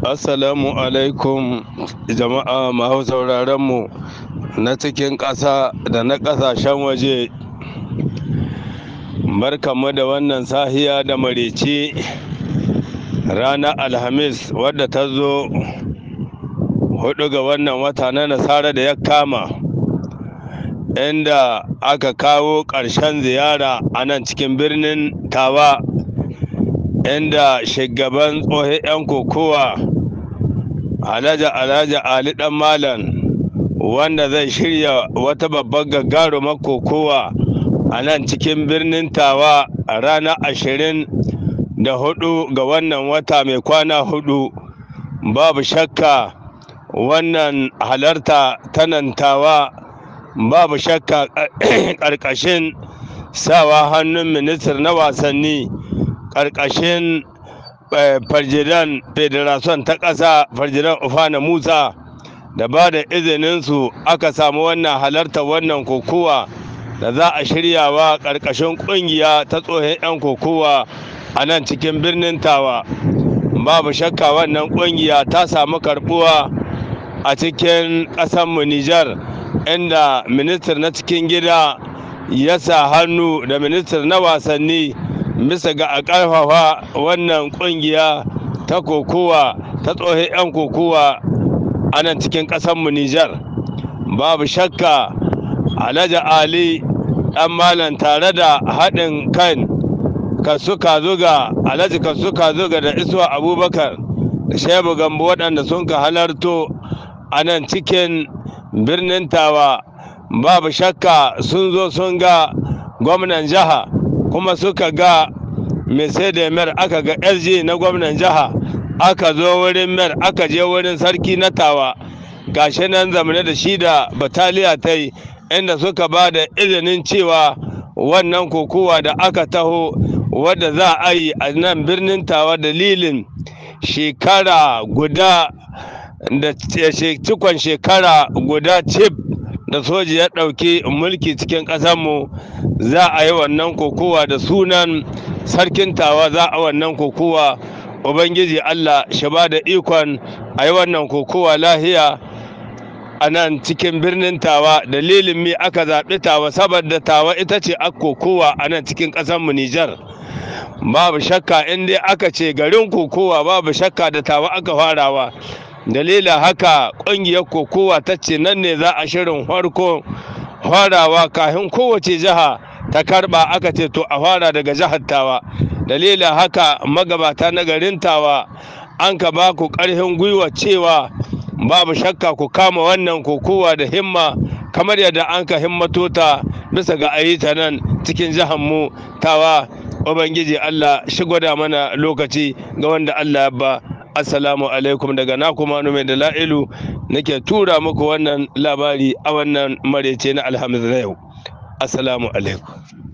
Assalamu alaikum jama'a masu sauraron na cikin ƙasa da na ƙasashen waje. mu da wannan sahiya da marici ranar Alhamis wadda ta zo hudu ga wannan wata na nasara da ya kama inda aka kawo ƙarshen ziyara a nan cikin birnin tawa inda shugaban tsohon 'yan kokowa alhaji alhaji ali dan malam wanda zai shirya wata babbar gagarumar kokowa a nan cikin birnin tawa a ranar ashirin da hudu ga wannan wata mai kwana hudu babu shakka wannan halarta tanantawa babu shakka karkashin sawa hannun ministar na wasanni karkashin. Eh, farjidan federation ta ƙasa farjidan ufana musa da ba da izininsu aka samu wannan halartar wannan kokowa da za a shirya wa ƙarƙashin ƙungiya ta tsohon 'yan kokowa a nan cikin birnin tawa babu shakka wannan ƙungiya ta samu karɓuwa a cikin ƙasanmu nijar inda ministar na cikin gida ya sa hannu da ministar na wasanni bisa ga a ƙarfafa wannan ƙungiya ta kokowa ta tsohon 'yan kokowa a nan cikin ƙasanmu Nijar. Babu shakka Alhaji Ali ɗan malam tare da haɗin kan kasuka zuga Alhaji kasuka zuga da Iswa Abubakar da Shehu Gambo waɗanda sun ka halarto a nan cikin birnin Tawa. Babu shakka sun zo sun ga gwamnan jiha. kuma suka ga mai sai da mer aka ga lg na gwamnan jiha aka zo wurin mer aka je wurin sarki na tawa gashi nan zamane da shi da bataliya ta yi inda suka ba da izinin cewa wannan kokowa da aka taho wadda za a yi a nan birnin tawa dalilin shekara guda da cikon shekara guda cif da soji ya ɗauki mulki cikin ƙasarmu za a yi wannan kokowa da sunan sarkin tawa za a wannan kokowa ubangiji allah shi ba da ikon a yi wannan kokowa lahiya a nan cikin birnin tawa dalilin mi aka zaɓi tawa saboda tawa ita ce a kokowa a nan cikin ƙasarmu nijar babu shakka in dai aka ce garin kokowa babu shakka da tawa aka farawa dalila haka ƙungiyar kokowa ta ce nan ne za a shirin farko farawa kafin kowace jiha ta karba aka ce to a fara daga jihar tawa dalila haka magabata na garin tawa an ka ba ku ƙarfin gwiwa cewa babu shakka ku kama wannan kokowa da himma kamar yadda an ka himmato ta bisa ga ayyuta nan cikin jihar mu tawa ubangiji allah shi gwada mana lokaci ga wanda allah ya ba assalamu alaikum daga na kuma nume da la'ilu nake tura muku wannan labari a wannan marece na alhamis na yau assalamu alaikum